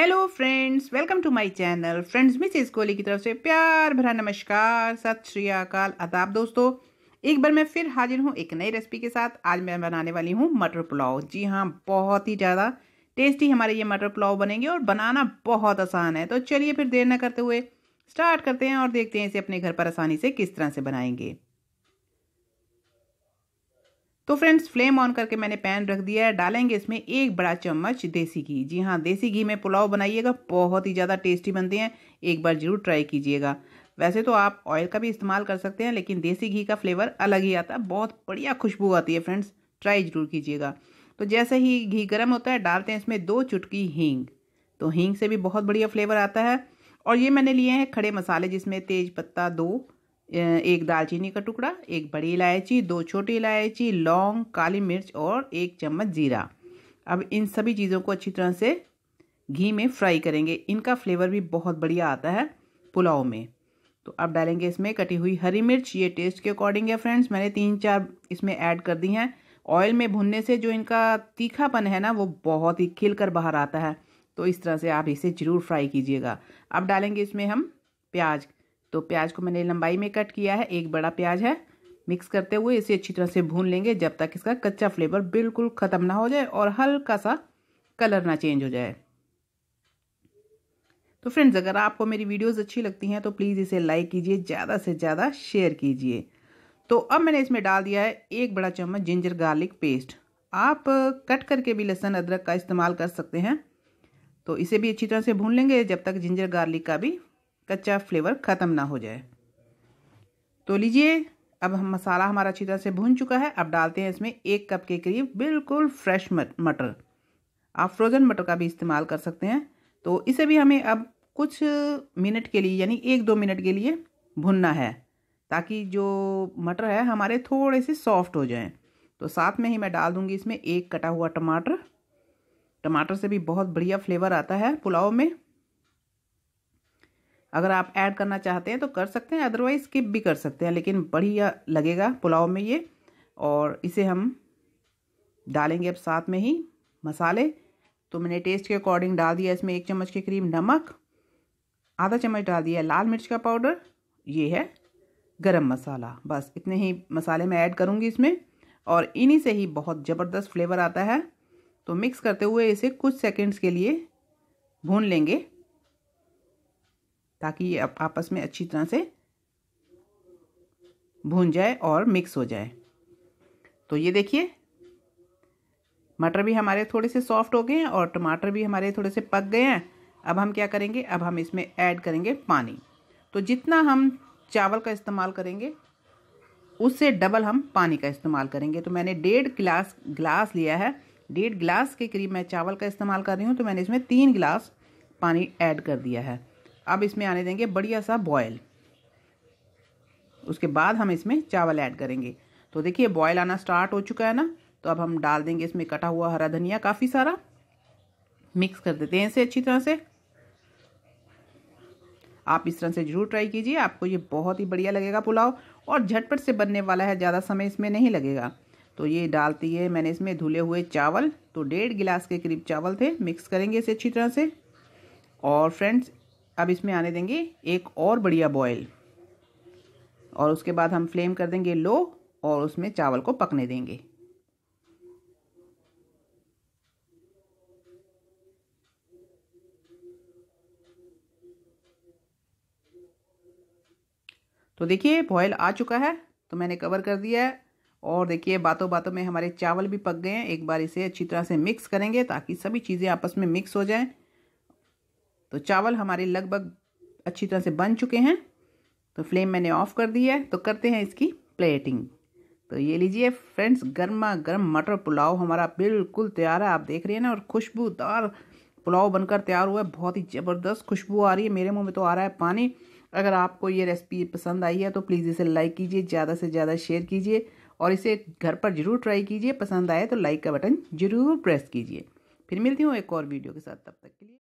hello friends welcome to my channel friends Mrs Kohli की तरफ से प्यार भरा नमस्कार सत श्री अकाल आदाब दोस्तों एक बार मैं फिर हाजिर हूँ एक नई रेसिपी के साथ आज मैं बनाने वाली हूँ मटर पुलाव जी हाँ बहुत ही ज़्यादा टेस्टी हमारे ये मटर पुलाव बनेंगे और बनाना बहुत आसान है तो चलिए फिर देर न करते हुए स्टार्ट करते हैं और देखते हैं इसे अपने घर पर आसानी से किस तरह से बनाएंगे तो फ्रेंड्स फ्लेम ऑन करके मैंने पैन रख दिया है डालेंगे इसमें एक बड़ा चम्मच देसी घी जी हाँ देसी घी में पुलाव बनाइएगा बहुत ही ज़्यादा टेस्टी बनते हैं एक बार ज़रूर ट्राई कीजिएगा वैसे तो आप ऑयल का भी इस्तेमाल कर सकते हैं लेकिन देसी घी का फ्लेवर अलग ही आता है बहुत बढ़िया खुशबू आती है फ्रेंड्स ट्राई ज़रूर कीजिएगा तो जैसे ही घी गर्म होता है डालते हैं इसमें दो चुटकी हींग तो हींग से भी बहुत बढ़िया फ्लेवर आता है और ये मैंने लिए हैं खड़े मसाले जिसमें तेज पत्ता दो एक दालचीनी का टुकड़ा एक बड़ी इलायची दो छोटी इलायची लौंग काली मिर्च और एक चम्मच जीरा अब इन सभी चीज़ों को अच्छी तरह से घी में फ्राई करेंगे इनका फ्लेवर भी बहुत बढ़िया आता है पुलाव में तो अब डालेंगे इसमें कटी हुई हरी मिर्च ये टेस्ट के अकॉर्डिंग है फ्रेंड्स मैंने तीन चार इसमें ऐड कर दी हैं ऑयल में भुनने से जो इनका तीखापन है ना वो बहुत ही खिल कर बाहर आता है तो इस तरह से आप इसे ज़रूर फ्राई कीजिएगा अब डालेंगे इसमें हम प्याज तो प्याज को मैंने लंबाई में कट किया है एक बड़ा प्याज है मिक्स करते हुए इसे अच्छी तरह से भून लेंगे जब तक इसका कच्चा फ्लेवर बिल्कुल ख़त्म ना हो जाए और हल्का सा कलर ना चेंज हो जाए तो फ्रेंड्स अगर आपको मेरी वीडियोस अच्छी लगती हैं तो प्लीज़ इसे लाइक कीजिए ज़्यादा से ज़्यादा शेयर कीजिए तो अब मैंने इसमें डाल दिया है एक बड़ा चम्मच जिंजर गार्लिक पेस्ट आप कट करके भी लहसुन अदरक का इस्तेमाल कर सकते हैं तो इसे भी अच्छी तरह से भून लेंगे जब तक जिंजर गार्लिक का भी कच्चा फ्लेवर ख़त्म ना हो जाए तो लीजिए अब हम मसाला हमारा अच्छी तरह से भून चुका है अब डालते हैं इसमें एक कप के करीब बिल्कुल फ्रेश मटर आप फ्रोज़न मटर का भी इस्तेमाल कर सकते हैं तो इसे भी हमें अब कुछ मिनट के लिए यानी एक दो मिनट के लिए भुनना है ताकि जो मटर है हमारे थोड़े से सॉफ्ट हो जाएं तो साथ में ही मैं डाल दूंगी इसमें एक कटा हुआ टमाटर टमाटर से भी बहुत बढ़िया फ्लेवर आता है पुलाव में अगर आप ऐड करना चाहते हैं तो कर सकते हैं अदरवाइज स्किप भी कर सकते हैं लेकिन बढ़िया लगेगा पुलाव में ये और इसे हम डालेंगे अब साथ में ही मसाले तो मैंने टेस्ट के अकॉर्डिंग डाल दिया इसमें एक चम्मच के करीब नमक आधा चम्मच डाल दिया लाल मिर्च का पाउडर ये है गरम मसाला बस इतने ही मसाले मैं ऐड करूँगी इसमें और इन्हीं से ही बहुत ज़बरदस्त फ्लेवर आता है तो मिक्स करते हुए इसे कुछ सेकंड्स के लिए भून लेंगे ताकि ये आपस में अच्छी तरह से भून जाए और मिक्स हो जाए तो ये देखिए मटर भी हमारे थोड़े से सॉफ्ट हो गए हैं और टमाटर भी हमारे थोड़े से पक गए हैं अब हम क्या करेंगे अब हम इसमें ऐड करेंगे पानी तो जितना हम चावल का इस्तेमाल करेंगे उससे डबल हम पानी का इस्तेमाल करेंगे तो मैंने डेढ़ गिलास गिलास लिया है डेढ़ गिलास के करीब मैं चावल का इस्तेमाल कर रही हूँ तो मैंने इसमें तीन गिलास पानी ऐड कर दिया है अब इसमें आने देंगे बढ़िया सा बॉयल उसके बाद हम इसमें चावल ऐड करेंगे तो देखिए बॉयल आना स्टार्ट हो चुका है ना तो अब हम डाल देंगे इसमें कटा हुआ हरा धनिया काफ़ी सारा मिक्स कर देते हैं इसे अच्छी तरह से आप इस तरह से ज़रूर ट्राई कीजिए आपको ये बहुत ही बढ़िया लगेगा पुलाव और झटपट से बनने वाला है ज़्यादा समय इसमें नहीं लगेगा तो ये डालती है मैंने इसमें धुले हुए चावल तो डेढ़ गिलास के करीब चावल थे मिक्स करेंगे इसे अच्छी तरह से और फ्रेंड्स अब इसमें आने देंगे एक और बढ़िया बॉयल और उसके बाद हम फ्लेम कर देंगे लो और उसमें चावल को पकने देंगे तो देखिए बॉयल आ चुका है तो मैंने कवर कर दिया है और देखिए बातों बातों में हमारे चावल भी पक गए हैं एक बार इसे अच्छी तरह से मिक्स करेंगे ताकि सभी चीज़ें आपस में मिक्स हो जाएं तो चावल हमारे लगभग अच्छी तरह से बन चुके हैं तो फ्लेम मैंने ऑफ़ कर दी है तो करते हैं इसकी प्लेटिंग तो ये लीजिए फ्रेंड्स गर्मा गर्म मटर पुलाव हमारा बिल्कुल तैयार है आप देख रहे हैं ना और खुशबूदार पुलाव बनकर तैयार हुआ है बहुत ही ज़बरदस्त खुशबू आ रही है मेरे मुंह में तो आ रहा है पानी अगर आपको ये रेसिपी पसंद आई है तो प्लीज़ इसे लाइक कीजिए ज़्यादा से ज़्यादा शेयर कीजिए और इसे घर पर ज़रूर ट्राई कीजिए पसंद आए तो लाइक का बटन ज़रूर प्रेस कीजिए फिर मिलती हूँ एक और वीडियो के साथ तब तक के लिए